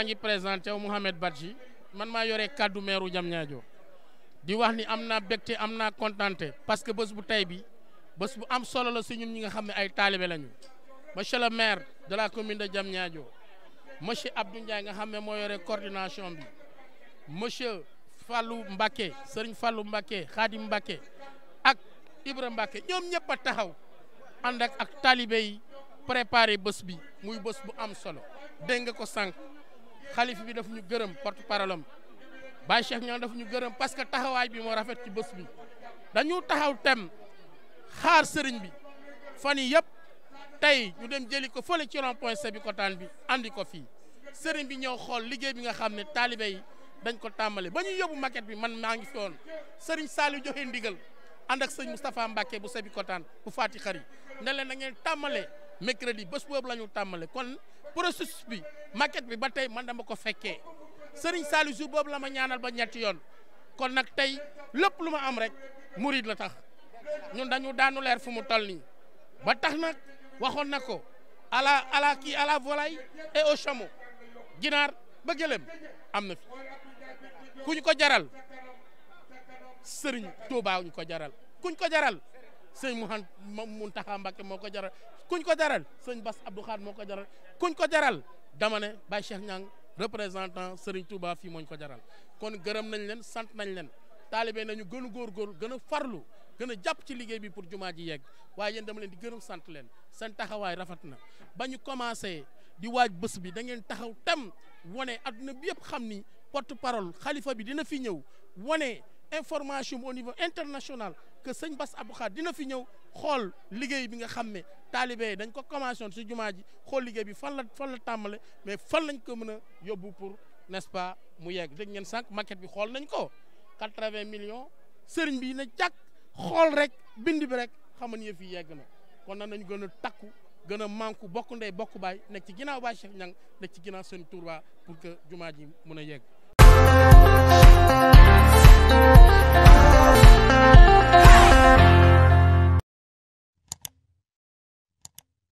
maa ngi présenté wu Mouhamed Badji man maa yore kàddu meeru Diamniadio di wax ni am naa bégte am naa kontante parce que bés bu tey bi bés bu am solo la si ñi nga xam ne ay taalibe lañu monsieur le maire de la commune de Diamniadio monsieur Abdou Ndiaye nga xam ne moo yore coordination bi monsieur Fallou Mbacké sëriñ Fallou Mbacké Khadim mbake ak Ibra Mbacké ñoom ñëpp a taxaw ànd ak ak taalibe yi préparé bés bi muy bës bu am solo dégg nga xalif bi daf ñu gërëm porte parole am Baye Cheikh ñaan daf ñu gërëm parce que taxawaay bi moo rafet ci bés bi dañu taxaw tem xaar sëriñ bi fan yi yëpp tey ñu dem jëli ko fële ci rond point Sébikotane bi andi ko fii sëriñ bi ñëw xool liggéey bi nga xam ne taalibe dañ ko tàmbale ba ñu yóbbu maquette bi man maa ngi fi woon sëriñ Saliou joxe ndigal ànd ak sëñ Moustapha Mbacké bu Sébikotane bu faati xar yi ne leen na ngeen tàmmalee mercredi bés boobu la ñu tàmbale processus bi maquette bi ba tey man dama ko fekkee sëriñ Saliou Sy boobu la ma ñaanal ba ñetti yoon kon nag tey lépp lu ma am rek murid la tax ñun dañu daanu leer fu mu toll nii ba tax nag waxoon na ko à la à la kii à la volaille et au chameau ginaar ba am na fi kuñ ko jaral Serigne Touba ko jaral kuñ ko jaral sëñ Mouhan Mountakha Mbacké moo ko jaral kuñ ko jaral sëñ Bass Abdou Khadre moo ko jaral kuñ ko jaral dama ne Baye Cheikh Niang représentant Serigne Touba fii mooñ ko jaral kon gërëm nañ leen sant nañ leen taalibe nañu gën góor góor gën a farlu gën a jàpp ci liggéey bi pour jumaa ji yegg waaye yéen dama leen di gërëm sant leen seen taxawaay rafet na ba ñu commencé di waaj bés bi da ngeen taxaw tam wone adduna bi yëpp xam ni porte parole xalifa bi dina fi ñëw information au niveau international que sëñ Bass Abdou xaa dina fi ñëw xool liggéey bi nga xam ne taalibe yi dañ ko commencé woon si jumaa ji xool liggéey bi fan la fan la tàmbale mais fan lañ ko mën a yóbbu pour nest pas mu yegg dégg ngeen sànq maquette bi xool nañ ko 80 millions sëriñ bi na jàkk xool rek bind bi rek xam nga yëf yi yegg na kon na nañ gën a takku gën a manku bokk ndey bokk baay nekk ci ginnaaw baay Cheikh Niang nekk ci ginnaaw seen Touba pour que jumaa ji mën a yegg